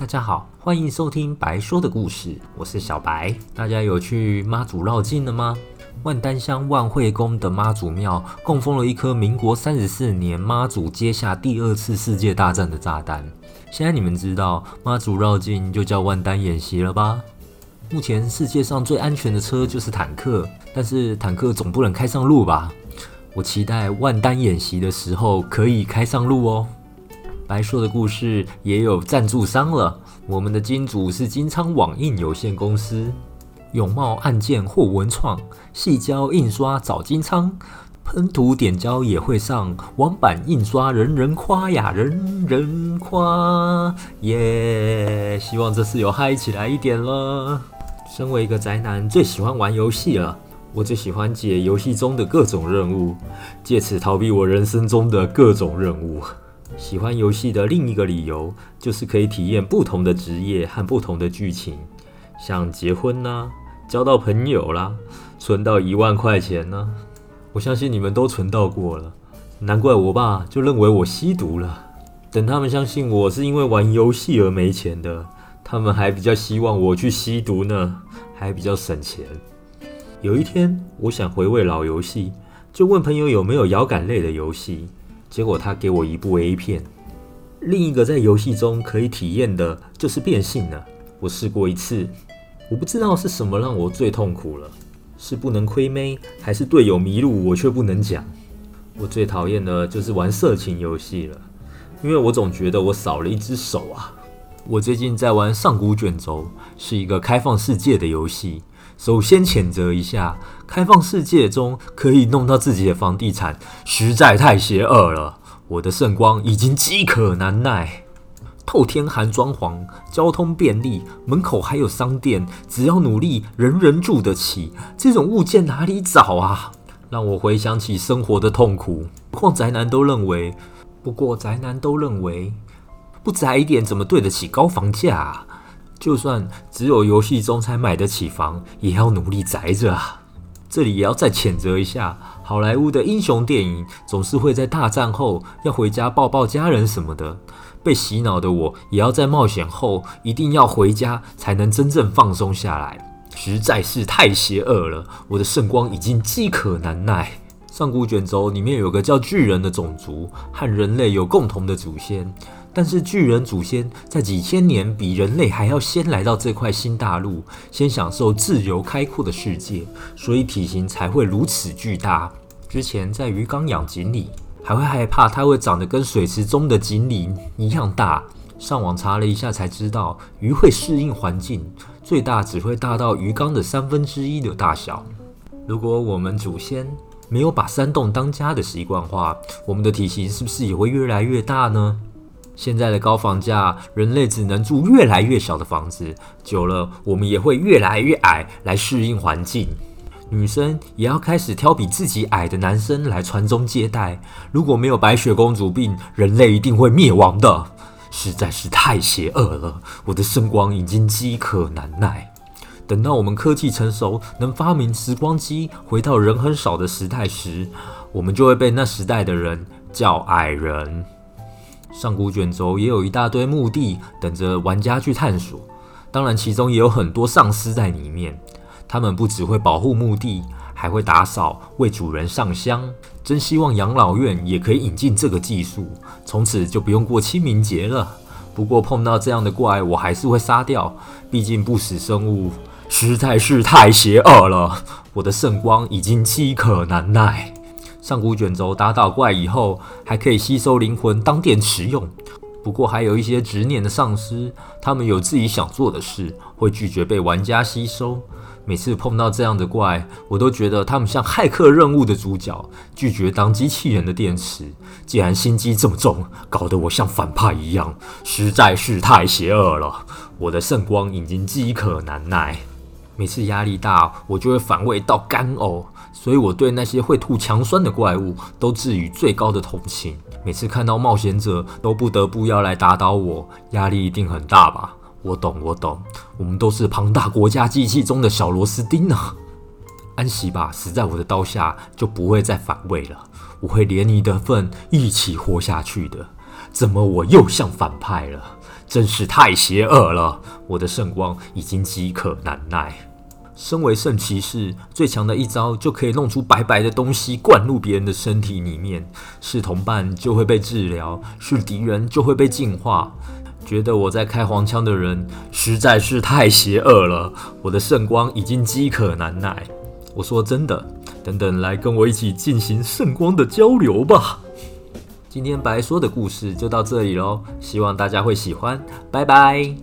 大家好，歡迎收聽白說的故事，我是小白。大家有去媽祖繞境了嗎？萬丹鄉萬惠宮的媽祖廟供奉了一顆民國三十四年媽祖接下第二次世界大戰的炸彈。現在你們知道媽祖繞境就叫萬丹演習了吧？目前世界上最安全的車就是坦克，但是坦克總不能開上路吧？我期待萬丹演習的時候可以開上路哦。白說的故事也有贊助商了，我們的金主是金昌網印有限公司。永茂按鍵或文創，矽膠印刷找金昌，噴塗點膠也會上。網版印刷人人誇呀，人人誇耶！Yeah, 希望這次有嗨起來一點了。身為一個宅男，最喜歡玩遊戲了。我最喜歡解遊戲中的各種任務，借此逃避我人生中的各種任務。喜歡遊戲的另一個理由，就是可以體驗不同的職業和不同的劇情，像結婚啦、啊，交到朋友啦、啊，存到一萬塊錢呢、啊。我相信你們都存到過了，難怪我爸就認為我吸毒了。等他們相信我是因為玩遊戲而沒錢的，他們還比較希望我去吸毒呢，還比較省錢。有一天，我想回味老遊戲，就問朋友有沒有搖桿類的遊戲。結果他給我一部 A 片，另一個在遊戲中可以體驗的就是變性了。我試過一次，我不知道是什麼讓我最痛苦了，是不能虧妹，還是隊友迷路我卻不能講。我最討厭的就是玩色情遊戲了，因為我總覺得我少了一隻手啊。我最近在玩《上古卷軸》，是一個開放世界的遊戲。首先譴責一下，開放世界中可以弄到自己的房地產，實在太邪惡了。我的聖光已經飢渴難耐，透天寒裝潢，交通便利，門口還有商店，只要努力，人人住得起。這種物件哪裡找啊？讓我回想起生活的痛苦。況宅男都認為，不過宅男都認為，不宅一點怎麼對得起高房價？就算只有遊戲中才買得起房，也要努力宅着啊！這裡也要再譴責一下好萊塢的英雄電影，總是會在大戰後要回家抱抱家人什麼的。被洗腦的我，也要在冒險後一定要回家才能真正放鬆下來，實在是太邪惡了！我的聖光已經飢渴難耐。上古卷軸裡面有個叫巨人的種族，和人類有共同的祖先。但是巨人祖先在幾千年比人類還要先來到這塊新大陸，先享受自由開闊的世界，所以體型才會如此巨大。之前在魚缸養錦鯉，還會害怕它會長得跟水池中的錦鯉一樣大。上網查了一下才知道，魚會適應環境，最大只會大到魚缸的三分之一的大小。如果我們祖先沒有把山洞當家的習慣的話，我們的體型是不是也會越來越大呢？現在的高房價，人類只能住越來越小的房子，久了我們也會越來越矮來適應環境。女生也要開始挑比自己矮的男生來傳宗接代。如果沒有白雪公主病，人類一定會滅亡的，實在是太邪惡了。我的聖光已經飢渴難耐。等到我們科技成熟，能發明時光機回到人很少的時代時，我們就會被那時代的人叫矮人。上古卷軸也有一大堆墓地等着玩家去探索，當然其中也有很多喪屍在裡面。他們不只會保護墓地，還會打掃、為主人上香。真希望養老院也可以引進這個技術，從此就不用過清明節了。不過碰到這樣的怪，我還是會殺掉，畢竟不死生物實在是太邪惡了。我的聖光已經飢渴難耐。上古卷軸打倒怪以後，還可以吸收靈魂當電池用。不過還有一些執念的喪屍，他們有自己想做的事，會拒絕被玩家吸收。每次碰到這樣的怪，我都覺得他們像駭客任務的主角，拒絕當機器人的電池。既然心機這麼重，搞得我像反派一樣，實在是太邪惡了。我的聖光已經飢渴難耐。每次壓力大，我就會反胃到乾嘔，所以我對那些會吐強酸的怪物都致以最高的同情。每次看到冒險者，都不得不要來打倒我，壓力一定很大吧？我懂，我懂，我們都是龐大國家機器中的小螺絲釘啊！安息吧，死在我的刀下就不會再反胃了。我會連你的份一起活下去的。怎麼我又像反派了？真是太邪惡了！我的聖光已經饑渴難耐。身為聖騎士，最強的一招就可以弄出白白的東西灌入別人的身體裡面。是同伴就會被治療，是敵人就會被淨化。覺得我在開黃腔的人實在是太邪惡了，我的聖光已經饑渴難耐。我說真的，等等來跟我一起進行聖光的交流吧。今天白說的故事就到這裡嘍，希望大家會喜歡，拜拜。